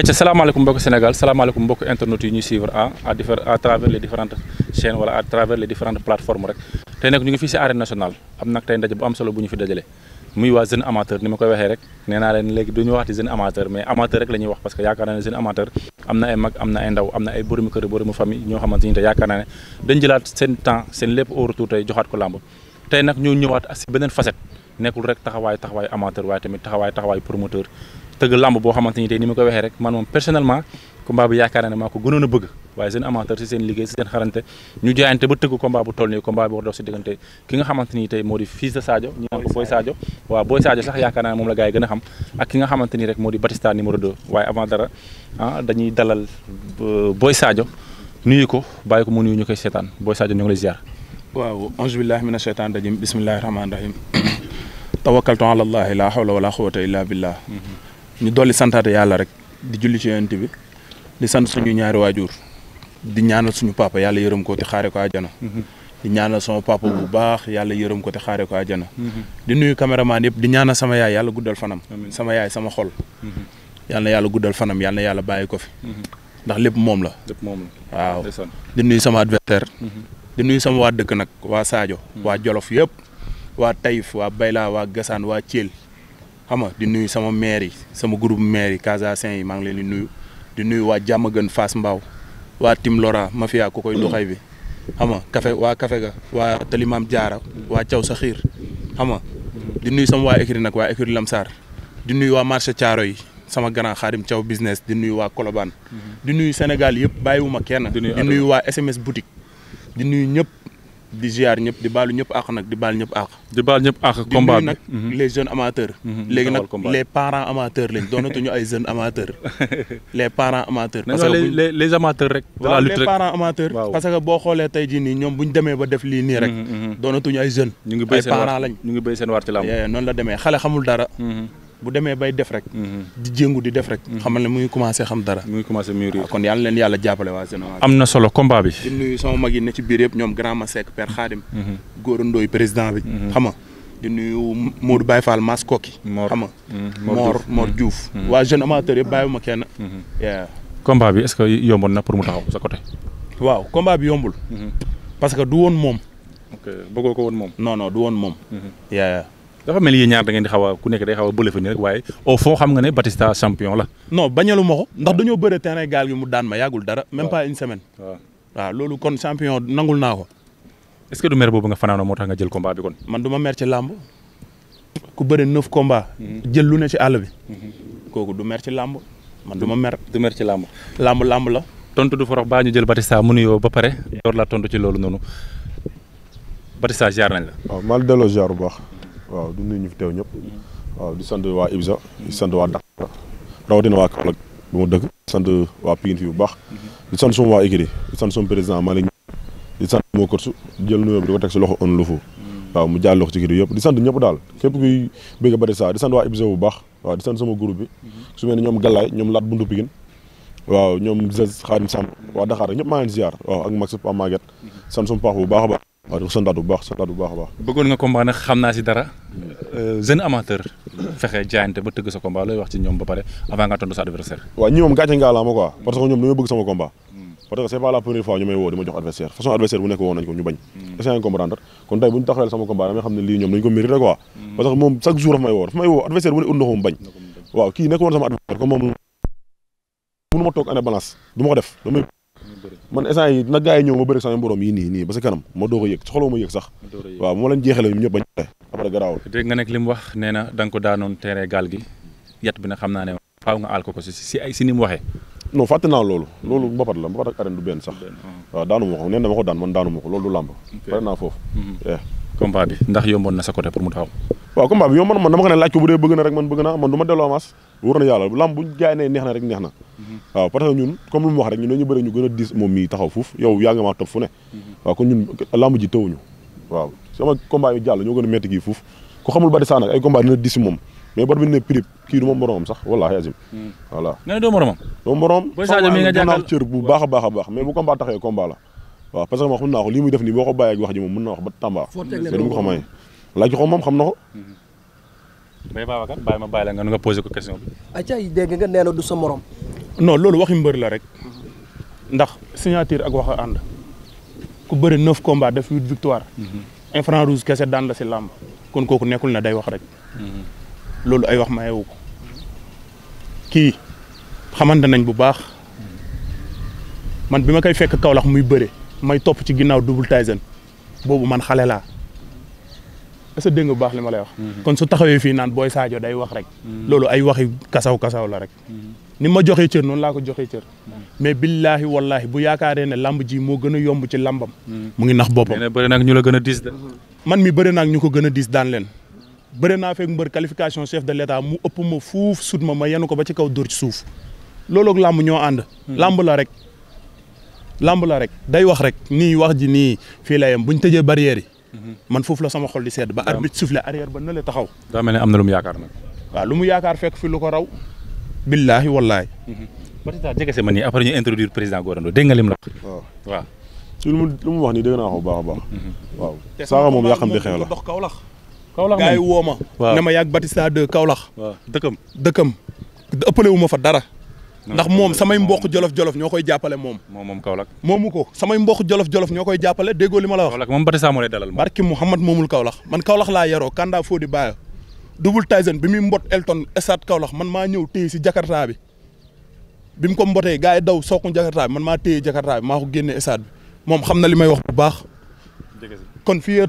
ayca salaamaaleykum mbokk Sénégal salaamaaleykum mbokk internet yi ñuy suivre à à diffère à travers les différentes chaînes wala à travers les différentes plateformes rek tey nag ñu ngi fii si arène nationale am nag tey ndaje bu am solo bu ñu fi dajale muy waa jeune amateur ni ma koy waxee rek nee naa leen léegi duñu waxti jeune amateur mais amateur rek la ñuy wax parce que yaakaar naa ne jeune amateur am na ay mag am na ay ndaw am na ay boromi ko làmb tey nag ñu ñëwaat si nekkul rek taxawaay taxawaay amateur waaye tamit taxawaay taxawaay promoteur tëgg làmb boo xamante ni tey ni ma ko waxee rek man moom personnellement combat bi yaakaar naa ne maa ko gënoon a bëgg waaye seen amateur si seen liggéey si seen xarante ñu jaayante ba tëgg combat bu toll nii combat bi war dox si diggante ki nga xamante ni tey moo di fils de Sadio ñu naan ko Boy Sadio waaw Boy Sadio sax yaakaar naa ne moom la gars yi gën a xam ak ki nga xamante ni rek moo di Batista numéro 2 waaye avant dara ah dañuy dalal euh, Boy Sadio nuyu ko bàyyi ko mu nuyu ñu koy seetaan Boy Sadio ñu ngi lay ziar waaw ange billahi mina sheytan rajim bismillahi rahmani rahim tawakkaltu ala allahi la hawla wala quwwata illa billah mhm. ñu dolli santaate yàlla rek di julli ci yonent bi di sant suñu ñaari waajur di ñaanal suñu papa yàlla yërëm ko te xaare ko àjjana mhm. di ñaanal baax yàlla yërëm ko xaare ko àjjana mhm. di nuyu caméraman yëpp di ñaanal sama yaay yàlla guddal fanam sama yaay sama xol yàlla na yàlla guddal fanam yàlla na bàyyi ko fi ndax lépp moom la lépp moom la waaw di nuyu sama adversaire di nuyu sama waa dëkk nag waa Sadio waa Jolof yëpp waa Taïf waa Bayla waa Gassane waa Thiel xam di nuyu sama maire yi sama groupe maire yi Casa Saint yi maa ngi leen di nuyu di nuyu waa Diamaguène Fass Mbao waa Timlora Mafia ku koy doxay bi xam nga café waa café ga waa Talimam Diarra waa Thiaw Saxir xam di nuyu sama waa écurie nag waa écurie Lamsar di nuyu waa marché caaro yi sama grand xaarim Thiaw business di nuyu waa Colobane mhm. di nuyu Sénégal yëpp bàyyiwuma kenn di nuyu waa SMS boutique di nuyu ñëpp di ziar ñëpp di baalu ñëpp àq nag di baal ñëpp àq. di baal ñëpp àq combat bi nag mhm. les jeunes amateurs. Mhm, léegi nag les parents amateurs lañ doonatuñu ay jeunes amateurs. les parents amateurs. parce que les les amateurs rek. de la lutte rek les parents amateurs. parce que boo xoolee tey jii nii ñoom bu ñu demee ba def lii nii rek. Mhm, doonatuñu ay jeunes. ñu ngi béy seen war ay parents lañ. ñu ngi béy seen war ci làmb. noonu la demee xale xamul dara. bu demee bay def rek. Mhm. di jéngu di def rek. Mhm. xamal ne muy ngi commencé xam dara. mu commencé mûrir ah, kon yàlla leen yàlla jàppale waa am na solo combat bi. di nuyu sama mag yi ne ci biir yëpp ñoom grand Masek père Khadim. Mhm. Gora Ndoye président bi. xam nga di nuyu Modou Baye Fall Mas Koki. Mor xam nga Mor Mor Diouf. waa jeune amateur yëpp bàyyiwuma kenn. combat bi est-ce que yomboon na pour mu taxaw sa côté. waaw combat bi yombul. parce que du woon moom. ok bëggoo ko woon moom. non non du woon dafa mel yéen ñaar da ngeen di xaw a ku nekk day xaw a bële fa nii rek waaye au fond xam nga ne Batista champion la. non bañalu ma ko ndax dañoo bëre terrain gaal gi mu daan ma yàggul dara. même pas une semaine. waaw loolu kon champion nangul naa ko. est-ce que du mer boobu nga fanaanoo moo tax nga jël combat bi kon. man du ma mer ci làmb ku bëre neuf combat. Mhm. jël lu ne ci àll bi. Mhm. kooku du mer ci làmb. man du ma mer du mer ci làmb. làmb làmb la. tontu du forox baa ñu jël Batista mu nuyoo ba pare. la tontu ci loolu noonu Batista nañ la. waaw maa ngi waaw du nuyu ñu fi teew ñëpp. waaw di sant waa Ibsa. di sant waa Dakar rawatina waa Kaolack bu ma dëkk. di sant waa Pikine fi bu baax. di sant suma waa Ikiri di sant suma président Malick di sant moo korsu jël di ko teg si loxo on lufu waaw yëpp di sant ñëpp daal képp kuy bëgg bari saa di sant waa Ibsa bu baax waaw di sant sama groupe bi su mel ne ñoom Galaay ñoom Lat Buntu Pikine waaw ñoom Zez Xaadim Samb waa Dakar ñëpp maa leen ziar waaw ak Max Pa Maguette sant suma paax bu baax a baax waaw di sondaat bu baax sondaat baax a bëggoon nga combat nag xam naa si dara euh, jeune amateur fexe jaayante ba tëgg sa combat looy wax ci ñoom ba pare avant nga tontu sa adversaire. waaw ñi moom gàcce ngaalaama quoi parce que ñoom dañoo bëgg sama combat. parce que c'est pas la première fois ñu may woo di ma jox adversaire façon adversaire bu nekk woo nañ ko ñu bañ hmm. hmm. parce que moom chaque jour daf may woo daf may woo adversaire bu ne ut na bañ waaw man instant yi nag ñëw ma bëri sama borom yi nii nii ba sa kanam ma doo ko yëg soxla ma yëg sax waaw moo lañ jeexale ñoom ñëpp bañ après garaawul dégg nga nekk li wax nee na da nga ko daanoon teere gaal gi yat bi na xam naa ne faaw nga aal ko ko si si ay si ni fàtte naa loolu loolu mbapat la mbapat ak arène du benn sax waaw daanu ma ko nee na ko daan man daanu ma ko loolu du làmb pare naa foofu mhm. combat bi ndax yomboon na sa côté pour mu taxaw. waaw combat bi yomboon man dama ko ne laaj ko bu dee bëgg na rek man bëgg na man du ma delloo avance wóor na yàlla lamb bu gaay ne neex na rek neex na mhm. waaw parce que ñun comme lu mu wax rek ñun dañu bëri ñu gën a diis moom mii taxaw foofu yow yaa nga maa topp fu ne mhm. waaw kon ñun lamb ji tëwuñu waaw sama combat bi jàll ñoo gën a metti kii foofu ku xamul Badi Sane ay combat dina diis moom mais bor bi ne prib kii du ma moromam sax wallaahi azim mhm. voilà nga ne doo moromam doo moromam cër bu baax a baax a baax mais bu combat taxee combat la waaw parce que ma xam naa ko lii muy def nii wax ji moom mën na wax ba Tamba. foo teg leen ko xam ne laaj ko moom xam na ko. Mbaye mm-hmm. Babacar bàyyi ma bàyyi la nga nga posé ko question bi. ayca yi dégg nga nee na du sa morom. non loolu waxi mbër la rek. ndax signature ak wax a ànd. ku bëri neuf combats def huit victoire. Mm-hmm. infra rouge kese daan la si làmb. kon kooku nekkul na day wax rek. Mm-hmm. loolu ay wax mayewu ko. kii xamante nañ bu baax. man bi ma koy fekk Kaolack muy bëre. may topp ci ginnaaw Double Tyson boobu man xale laa est que dégg nga bu baax li ma lay wax. Mhm. kon su taxawee fii naan booy Sadio day wax rek. Mhm. loolu ay waxi kasaw kasaw la rek. Mhm. ni ma joxe cër noonu laa ko joxee cër. mais billaahi wallaahi bu yaakaaree ne làmb ji moo gën a yomb ci làmbam mu ngi nax boppam nee bëri na ñu la gën a diis de. man mi bëri na ñu ko gën a diis daan leen. bëri naa fekk mbër qualification chef de l'État mu ëpp ma fuuf sut ma ma yenu ko ba ci kaw dóor ci suuf loolu ak ñoo ànd. lamb la rek. lamb la rek day wax rek nii wax ji nii fii la yem bu ñu tëjee barrière mhm. man foofu la sama xol di sedd. ba arbitre soufflé arrière ba na la taxaw. daa mel ne am na lu mu yaakaar nag. lu mu yaakaar fekk fi lu ko raw. billaahi wallaahi. Mhm. Batista jege si ma nii après ñu introduire président Gorando dégg nga lim la. waaw waaw. lu mu wax nii dégg naa ko bu baax mhm. moom yaa xam ne xew la dox Kaolack. Kaolack gars yi woo ma. waaw ne ma yàgg Batista de Kaolack. waaw dëkkam dëkkam ëppale ma fa dara. ndax moom samay mbokk jolof-jolof ñoo koy jàppale moom moom moom Kaolack moomu ko samay mbokk jolof-jolof ñoo koy jàppale déggoo li ma la wax Kaolack moom Batista moo lay dalal barki Mouhamad moomul Kaolack man Kaolack laa yaroo Kanda Fodi Bayo double Tyson bi muy mbot Elton stade Kaolack man maa ñëw téye si Jakarta bi bi mu ko mbotee gars yi daw sooku Jakarta bi man maa téye Jakarta bi maa ko génne stade bi moom xam na li may wax bu baax kon fii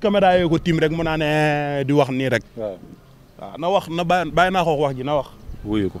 caméra yoo ko tiim rek mu naa ne di wax nii rek waaw na wax na bàyyi naa ko wax ji na wax wuyu ko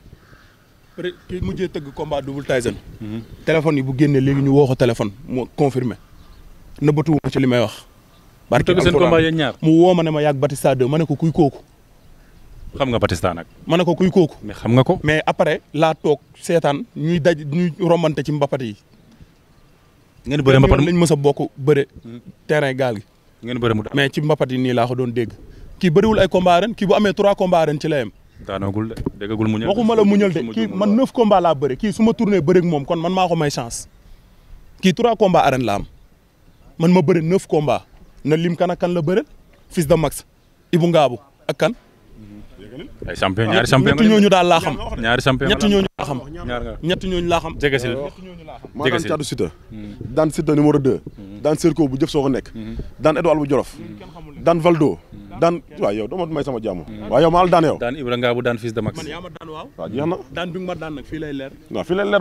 ki mujjee tëgg combat double Tyson. téléphone yi bu génnee léegi ñu woo ko téléphone mu confirmé nëbbatuwuma ci li may wax. barke tëgg seen combat mu woo ma ne ma yàgg Batista 2 ma ko kuy kooku. xam nga Batista nag. ma ne ko kuy kooku. mais xam nga ko. mais après laa toog seetaan ñuy daj ñuy rombante ci mbapat yi. ngeen bëre mbapat lañ mës a bokk bëre. terrain gaal gi. ngeen bëre mais ci mbapat yi nii laa ko doon dégg. kii bëriwul ay combat ren kii bu amee trois combat ci la yem daanagul de déggagul muñal waxuma la muñal de kii man neuf combats laa bëri kii su ma tourné bëri moom kon man maa ko may chance kii trois combats arène la man ma bëri neuf combats na lim kan kan la bëri fils de Max Ibou Ngabou ak ay champion ah, ñaari champion ñett ñooñu daal laa xam. ñett ñooñu laa xam. maa daan caatu Sita. daan Sita numéro 2. Hmm. daan Serko bu jëf soo ko nekk. Hmm. daan Edouard bu Jolof. Hmm. daan Valdo. daan waaw may sama jàmm. waaw yow maa la daan yow. daan Ibra Nga bu daan fils de Max. man fii lay leer.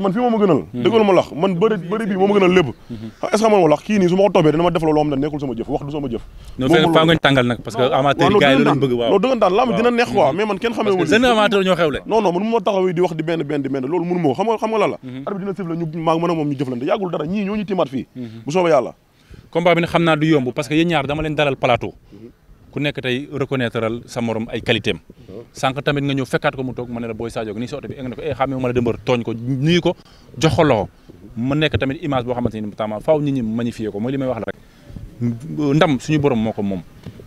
man fii moo ma gënal. dëggal lax man bëri bii moo ma gënal lépp. est ce que lax kii nii su ma ko toobee dana ma def loolu xam ne nekkul sama jëf wax du sama jëf. faa nga tàngal nag parce waaw mais man kenn xamee parce que seen amateur ñoo xewle non non man mu ma taxaw di wax di benn benn di benn loolu mënu ma xam nga xam nga mhm. dina sif ñu a moom ñu mhm. que yéen ñaar dama leen dalal plateau mhm. ku nekk tey reconnaître sa morom ay nga ñëw fekkaat ko mu toog ma ne la booy Sadio nii sa oto bi eng ne ko e eh, xaamee ma la dëmbër borom moo ko moom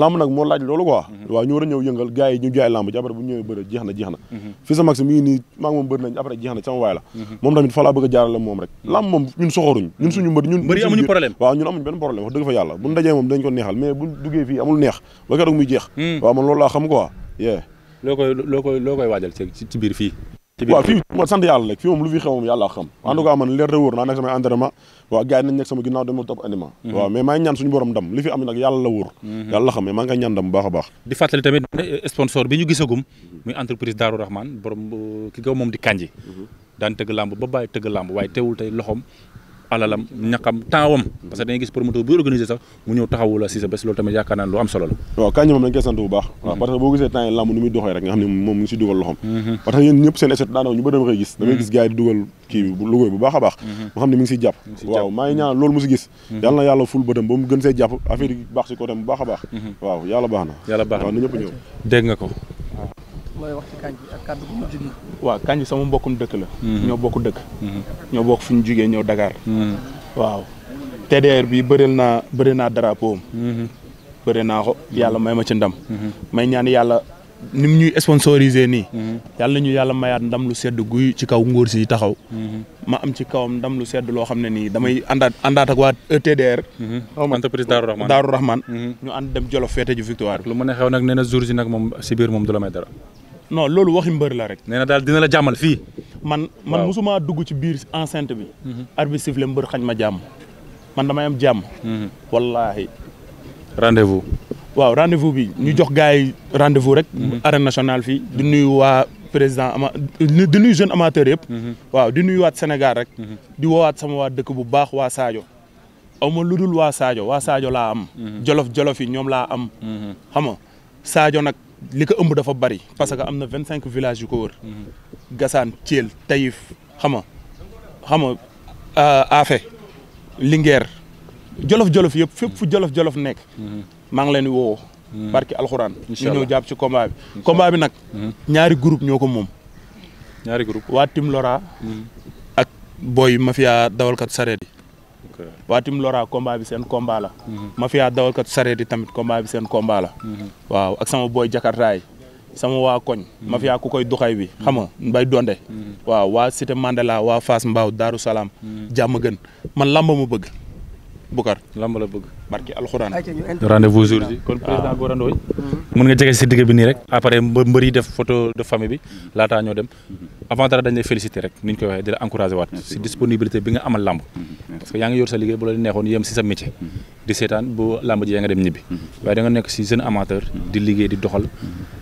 lamb nag moo laaj loolu quoi mhm. waaw ñu war a ñëw yëngal gars yi ñu jaay lamb ci après bu ñëwee bëri jeex na jeex na mhm. fii sa maxi moom bëri nañ sama waay la mhm. moom tamit fa laa a jaarale moom rek lamb moom ñun soxoruñ ñun suñu mbër ñun mbër amuñu problème waaw ñun amuñu benn problème dëgg fa yàlla bu dajee moom dañ ko neexal mais bu duggee fii amul neex hmm. waaw man loolu laa xam quoi yee loo koy loo koy loo koy waajal ci biir fii waaw fii ma sant yàlla rek fii moom lu fi xew moom yàlla xam en tout cas man leer wóor naa nekk samay entraînement waaw gars yi nekk sama ginnaaw dama topp anima mhm. waaw mais maa ñaan suñu borom ndam li fi am nag yàlla la wóor mhm. yàlla xam mais maa ngi koy ñaan ndam baax a baax di fàttali tamit eh, sponsor bi ñu gisagum muy entreprise Darou Rahman borom ki nga moom di kanji mhm. daan tëgg làmb ba bàyyi tëgg làmb waaye teewul tey loxoom alalam ñaqam tempsam parce que dañuy gis promoteur buy organiser sax mu ñëw taxawu la si loolu tamit yaakaar naa lu am solo la waaw kañ moom dañ koy sant bu baax parce que boo gisee temps yi lamb nu muy doxee rek nga xam ne mu ngi si dugal loxom mhm. parce que yéen ñëpp seen échec daanaka ñu bëri dama koy gis damay gis mhm. gars dugal kii bi Louga bu baax a baax mhm. nga xam ne mi ngi siy jàpp waaw maa ñaan loolu mu si gis yàlla na yàlla ful bëtam ba mu a looy wax ci Kandji ak waaw Kandji sama mbokkum dëkk la. Mhm. ñoo bokk dëkk. Mhm. ñoo bokk fu ñu jugee ñëw Dakar. Mhm. waaw TDR bi bëril naa bëri naa drapeau am. bëri naa ko yàlla may ma ci ndam. may ñaan yàlla nu mu ñuy sponsorisé nii. yàlla ñu yàlla mayaat ndam lu sedd guy ci kaw ngóor si taxaw. ma am ci kawam ndam lu sedd loo xam ne nii damay àndaat àndaat ak waa ETDR. entreprise Darou Rahman ñu and dem Jolof feete ju victoire. lu mën a xew nag nee na jour si nag moom si biir moom du la may dara. non loolu waxi mbër la rek. nee na daal dina la jàmmal fii. man man mosuma dugg ci biir enceinte bi. Mhm. arbitre siffle mbër xañ ma jàmm. man damay am jàmm. Mhm. wallaahi. rendez-vous. waaw rendez-vous bi ñu jox gars yi rendez-vous rek. Mhm. arène national fii di nuyu waa président ama di nuyu jeune amateur yëpp. waaw di nuyu waat Sénégal rek. di woowaat sama waa dëkk bu baax waa saajo aw ma lu dul waa saajo waa saajo laa am. jolof jolof yi ñoom laa am. xam nga nag. li ko ëmb dafa bari parce que am na vingt cinq village yu ko wër Gassane Thiel Taïf xama xama euh, Afé Linguère jolof-jolof yëpp fépp fu jolof-jolof nekk maa ngi leen woo barki alxuraan ñu ñëw jàpp si combat bi nag hmm. ñaari group ñoo ko moom ñaari groupe waa Tim Lora hmm. ak booy mafia dawalkat sareet waa tim Lora combat bi seen combat la. Mhm. mafia dawalkat sareet yi tamit combat bi seen combat la. Mhm. waaw ak sama booy Jakarta yi sama waa koñ. Mhm. mafia ku koy duxay bi xam mbay donde. waaw waa Cité Mandela waa Fass Mbao Darou Salaam. gën man lamba ma bëgg Bukar lamba la bëgg. barki alxuraan. rendez-vous jour bi kon ah. mm-hmm. nga jege si digg bi nii rek après mbër yi def photo de famille bi laataa ñoo dem mm-hmm. avant dara dañ lay féliciter rek ni ñu koy waxee di la encourager waat si disponibilité bi nga amal làmb mm-hmm. parce que yaa ngi yor sa liggéey bu la neexoon yem si sa métier di seetaan bu làmb ji yaa nga dem ñibbi waaye da nga nekk si jeune amateur di liggéey di doxal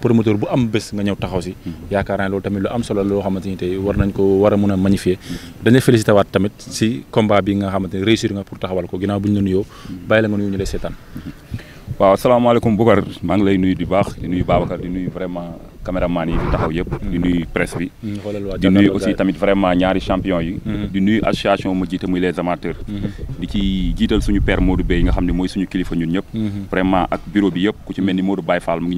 promoteur bu am bés nga ñëw taxaw si yaakaar naa loolu tamit lu am solo loo xamante ni tey war nañ ko war a mun a magnifier waat tamit si combat bi nga xamante ni réussir nga pour taxawal ko ginnaaw nga nuyu ñu lay seetaan. waaw asalaamaaleykum maa ngi lay nuyu di baax di nuyu Babacar di nuyu vraiment caméraman yi fi taxaw yëpp mm. di nuyu presse bi mm, di nuyu aussi tamit vraiment ñaari champion yi mm. di nuyu association ma jiite muy les amateurs di ci jiital suñu père Modou Bey yi nga xam ne mooy suñu kilifa ñun ñëpp mm-hmm. vraiment ak bureau bi yëpp ku ci mel ni Modou Baye Fall mu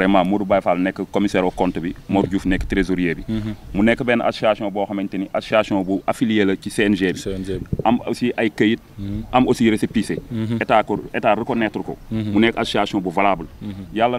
mm-hmm. nekk commissaire au compte bi Mor Diouf nekk trésorier bi mm-hmm. mu nekk benn association boo xamante ni association bu affilié la ci CNG bi am aussi ay këyit am aussi récépissé état ko état reconnaître ko mu nekk association bu valable yàlla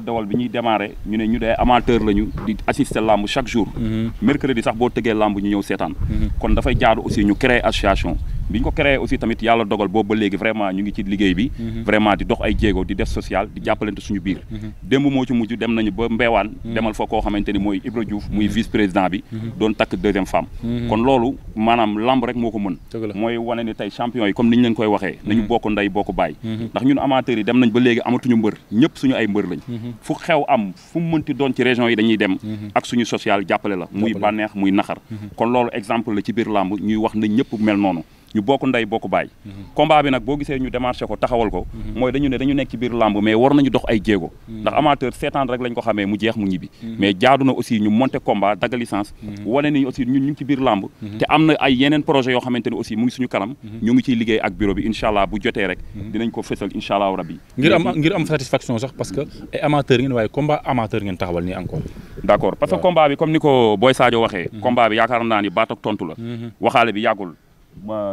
démarré ñu ne ñu dee amateur lañu di assister làmb chaque jour mhm. mercredi sax boo tëggee làmb ñu ñëw seetaan mhm. kon dafay jaaru aussi ñu créer association bi ñu ko créé aussi tamit yàlla dogal boobu ba léegi vraiment ñu ngi ci liggéey bi mhm. vraiment di dox ay jéego di def social di jàppalante suñu biir mhm. démb moo ci mujj dem nañu ba mhm. koo xamante ni mooy Ibra Diouf muy vice président bi doon takk deuxième femme kon loolu maanaam lamb rek moo ko mën mooy wane ni tey champion yi comme ni ñu leen koy waxee nañu bokk ndey bokk bàyyi ndax ñun amateurs yi dem nañ ba léegi amatuñu mbër ñëpp suñu ay mbër lañ fu xew am fu mënti doon ci région yi dañuy dem ak suñu social jàppale la muy bànneex muy naxar kon loolu exemple la ci biir lamb ñuy wax na ñëpp mel noonu ñu bokk ndey bokk baay. Mhm. combat bi nag boo gisee ñu démarché ko taxawal ko. Mhm. mooy dañu ne dañu nekk ci biir làmb mais war nañu dox ay jéego. Mhm. ndax amateur seetaan rek lañ ko xamee mu jeex mu ñibbi. mais jaadu na aussi ñu monter combat dagg licence. wane ni aussi ñun ñu ngi yoo xamante ne aussi mu ngi suñu kanam. ñu ngi ciy liggéey ak bureau bi incha allah bu jotee rek. dinañ ko fësal incha allah rabbi. ngir am ngir am satisfaction sax parce que ay amateur ngeen waaye combat amateur ngeen taxawal nii encore. parce que combat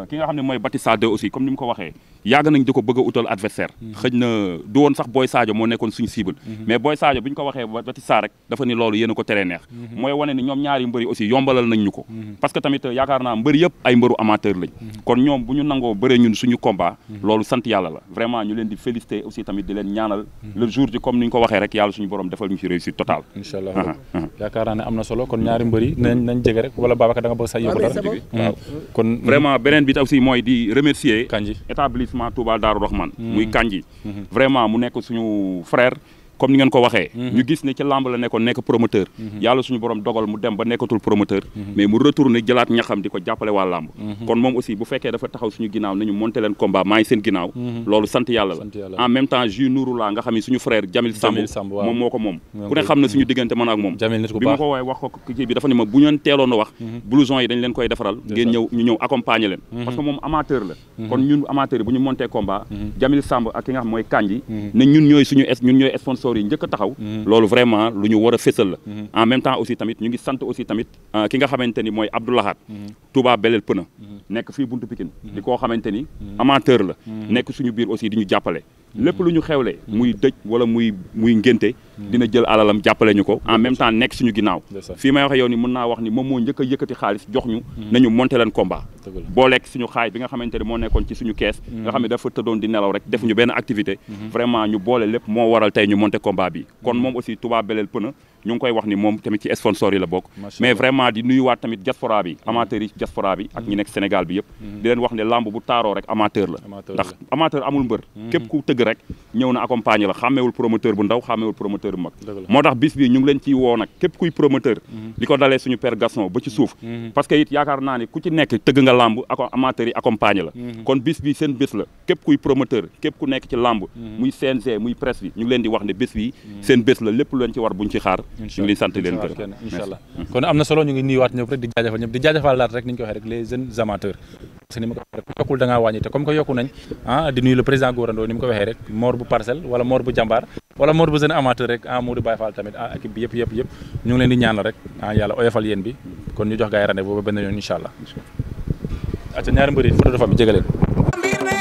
ki nga xam ne mooy Batista 2 aussi comme ni mu ko waxee yàgg nañ di ko bëgg a utal adversaire hmm. xëj na du woon sax Boy Sadio moo nekkoon suñu cible hmm. mais Boy Sadio bi ñu ko waxee Batista rek dafa ni loolu yéen ko teree neex hmm. mooy wane ni ñoom ñaari mbëri aussi yombalal nañ ñu ko parce que tamit yaakaar naa mbëri yëpp ay mbëru amateur lañ kon ñoom bu ñu nangoo bëree ñun suñu combat loolu sant yàlla la vraiment ñu leen di féliciter tamit di leen ñaanal le jour ji comme ni ñu ko waxee rek yàlla suñu borom ma Touba Darou Rahman. Hmm. muy Kandji. Hmm. vraiment mu nekk suñu frère. comme ni ngeen ko waxee mhm. ñu gis ne ci lamb la nekk promoteur mhm. yàlla suñu borom dogal mu dem ba nekkatul promoteur mhm. mais mu retourné jëlaat ñaxam di ko jàppale waa lamb kon moom aussi bu fekkee dafa taxaw suñu ginnaaw nañu monté leen combat maa seen ginnaaw loolu sant yàlla la en même temps ju nuuru laa nga xam suñu frère Jamil Samb moom moo ko moom ku ne xam na suñu diggante man ak moom bi ma ko waaye wax ko kii bi dafa ne ma bu ñeen teeloon a wax sponsors yi njëkk a taxaw mhm. loolu vraiment lu ñu war a fésal la mhm. en même temps aussi tamit ñu ngi sant aussi tamit euh, ki nga xamante ni mooy Abdoulahat mhm. Touba Belel Pëna nekk fii buntu Pikine di koo xamante ni amateur la nekk su suñu biir aussi di ñu jàppale lépp lu ñu xewle muy dëj wala muy muy ngénte hmm. dina jël alalam jàppale ñu ko en hmm. même temps nekk suñu ginnaaw fii may waxe yow ni mën naa wax ni moom moo njëkk a yëkkati xaalis jox ñu hmm. nañu monté leen combat boo lekk suñu xaay bi nga xamante ne moo nekkoon ci suñu kees nga xam ne dafa tëddoon di nelaw rek def ñu benn activité vraiment ñu boole lépp moo waral tey ñu monté combat bi kon moom aussi tubaab beleel pëna ñu ngi koy wax ni moom tamit ci sponsor yi la bokk mais vraiment di nuyuwaat tamit diaspora bi mm. amateur yi diaspora bi ak ñi mm. nekk Sénégal bi yëpp mm. di leen wax ne lamb bu taaroo rek amateur la ndax amateur amul mbër képp ku tëgg rek ñëw na accompagner la xàmmeewul promoteur bu ndaw xàmmeewul promoteur bu mag moo tax bis bi ñu ngi leen ciy woo nag képp kuy promoteur li ko dalee suñu père Gaston ba ci suuf parce que it yaakaar naa ni ku ci nekk tëgg nga lamb ak amateur yi accompagner la kon bis bi seen képp ku nekk ci lamb muy CNG muy presse ñu ngi leen di wax ne bés bi seen bés la lépp lu ci war buñ ci xaar ñu ngi sant leen gërëm incha ni ñu ko yokkul da ngaa wàññi te comme que yokku nañ ah, di nuyu le président Gourando ni ma ko waxee rek Mor bu parcelle wala Mor bu jàmbaar wala Mor bu jeune amateur rek ah Modou Baye Fall tamit ah bi yëpp yëpp yëpp ñu ngi leen di ñaanal rek ah, yàlla oyofal yéen bi kon ñu jox gaa yi rendez-vous benn yoon incha allah aca ñaari mbëri photo dafa bi jégaleen